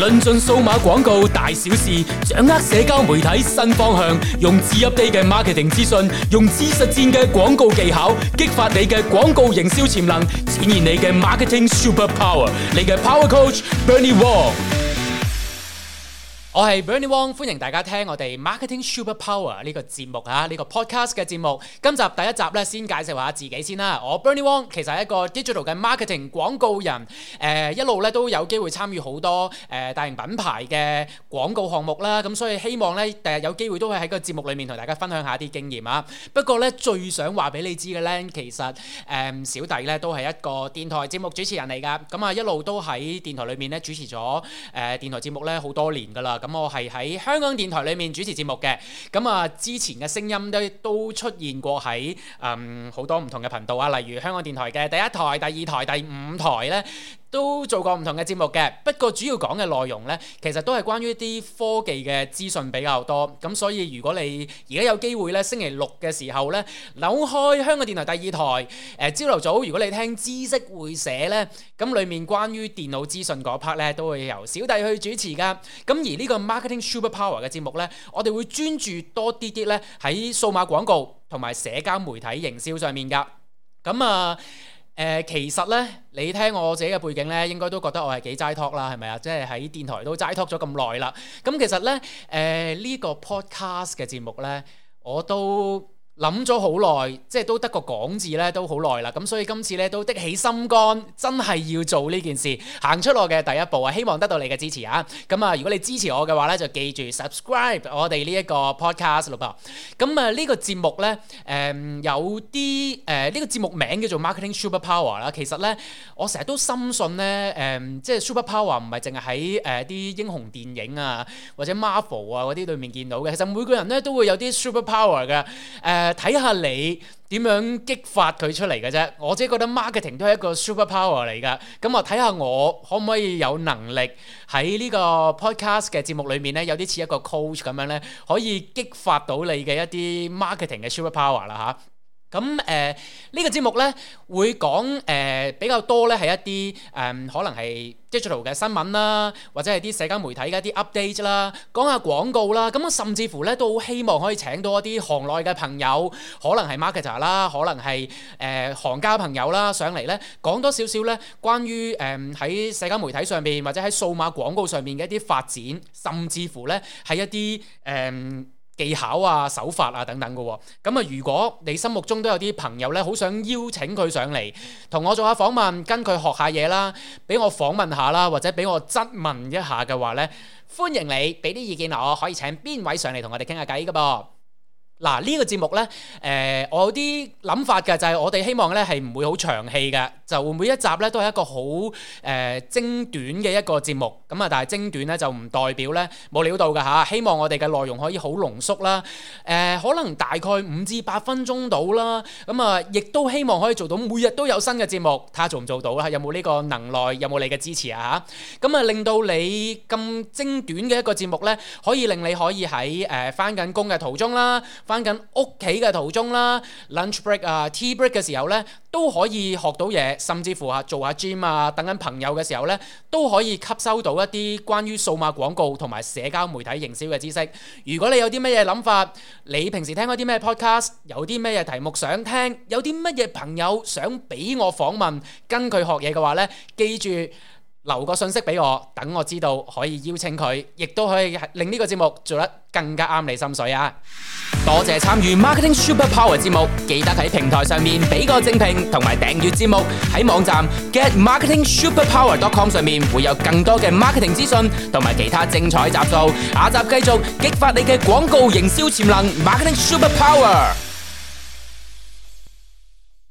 論盡數碼廣告大小事，掌握社交媒體新方向，用最 update 嘅 marketing 資訊，用知實戰嘅廣告技巧，激發你嘅廣告營銷潛能，展現你嘅 marketing super power，你嘅 power coach Bernie Wong。我係 Bernie Wong，歡迎大家聽我哋 Marketing Super Power 呢、這個節目吓、啊，呢、這個 Podcast 嘅節目。今集第一集咧，先介紹下自己先啦。我 Bernie Wong 其實係一個 digital 嘅 marketing 廣告人，誒、呃、一路咧都有機會參與好多誒、呃、大型品牌嘅廣告項目啦。咁所以希望咧第日有機會都會喺個節目裏面同大家分享一下啲經驗啊。不過咧最想話俾你知嘅咧，其實誒、呃、小弟咧都係一個電台節目主持人嚟噶。咁、嗯、啊一路都喺電台裏面咧主持咗誒、呃、電台節目咧好多年噶啦。咁我係喺香港電台裏面主持節目嘅，咁啊之前嘅聲音都出現過喺、嗯、好多唔同嘅頻道啊，例如香港電台嘅第一台、第二台、第五台呢，都做過唔同嘅節目嘅，不過主要講嘅內容呢，其實都係關於啲科技嘅資訊比較多。咁所以如果你而家有機會呢，星期六嘅時候呢，扭開香港電台第二台誒，朝頭早，如果你聽知識會寫呢，咁裡面關於電腦資訊嗰 part 呢，都會由小弟去主持噶。咁而呢個 Marketing Superpower 嘅節目呢，我哋會專注多啲啲呢，喺數碼廣告同埋社交媒體營銷上面噶。咁啊～誒、呃、其實咧，你聽我自己嘅背景咧，應該都覺得我係幾齋 talk 啦，係咪啊？即係喺電台都齋 talk 咗咁耐啦。咁、嗯、其實咧，誒、呃、呢、呢個 podcast 嘅節目咧，我都～諗咗好耐，即係都得個講字咧，都好耐啦。咁所以今次咧，都的起心肝，真係要做呢件事，行出我嘅第一步啊！希望得到你嘅支持啊！咁啊，如果你支持我嘅話咧，就記住 subscribe 我哋呢一個 podcast 咯噃。咁啊，呢、呢個節目咧，誒、呃，有啲誒，呢、呃呢個節目名叫做 Marketing Super Power 啦。其實咧，我成日都深信咧，誒、呃，即係 Super Power 唔係淨係喺誒啲英雄電影啊或者 Marvel 啊嗰啲裏面見到嘅。其實每個人咧都會有啲 Super Power 嘅，誒、呃。睇下你點樣激發佢出嚟嘅啫，我即係覺得 marketing 都係一個 superpower 嚟㗎。咁啊，睇下我可唔可以有能力喺呢個 podcast 嘅節目裏面咧，有啲似一個 coach 咁樣咧，可以激發到你嘅一啲 marketing 嘅 superpower 啦嚇。咁誒呢個節目呢，會講誒、呃、比較多呢係一啲誒、呃、可能係 digital 嘅新聞啦，或者係啲社交媒體嘅一啲 update 啦，講下廣告啦。咁、嗯、我甚至乎呢，都好希望可以請到一啲行內嘅朋友，可能係 marketer 啦，可能係誒、呃、行家朋友啦上嚟呢，講多少少呢，關於誒喺社交媒體上面，或者喺數碼廣告上面嘅一啲發展，甚至乎呢，係一啲誒、技巧啊、手法啊等等嘅、哦，咁啊，如果你心目中都有啲朋友呢，好想邀請佢上嚟同我做下訪問，跟佢學下嘢啦，俾我訪問下啦，或者俾我質問一下嘅話呢，歡迎你俾啲意見啦，我可以請邊位上嚟同我哋傾下偈㗎噃。嗱呢、呢個節目呢，誒、呃，我有啲諗法嘅，就係我哋希望呢係唔會好長氣嘅。就會每一集咧，都係一個好誒、呃、精短嘅一個節目咁啊！但係精短咧就唔代表咧冇料到㗎嚇。希望我哋嘅內容可以好濃縮啦，誒、呃、可能大概五至八分鐘到啦。咁、嗯、啊，亦都希望可以做到每日都有新嘅節目，睇下做唔做到啦？有冇呢個能耐？有冇你嘅支持啊？嚇！咁啊，令到你咁精短嘅一個節目咧，可以令你可以喺誒返緊工嘅途中啦，返緊屋企嘅途中啦，lunch break 啊，tea break 嘅時候咧。都可以學到嘢，甚至乎啊做下 gym 啊，等緊朋友嘅時候呢，都可以吸收到一啲關於數碼廣告同埋社交媒體營銷嘅知識。如果你有啲乜嘢諗法，你平時聽嗰啲咩 podcast，有啲乜嘢題目想聽，有啲乜嘢朋友想俾我訪問，跟佢學嘢嘅話呢，記住，留個信息俾我，等我知道可以邀請佢，亦都可以令呢個節目做得更加啱你心水啊！多謝參與 Marketing Super Power 節目，記得喺平台上面俾個正評同埋訂閱節目。喺網站 Get Marketing Super Power.com 上面會有更多嘅 marketing 資訊同埋其他精彩集數。下集繼續激發你嘅廣告營銷潛能，Marketing Super Power！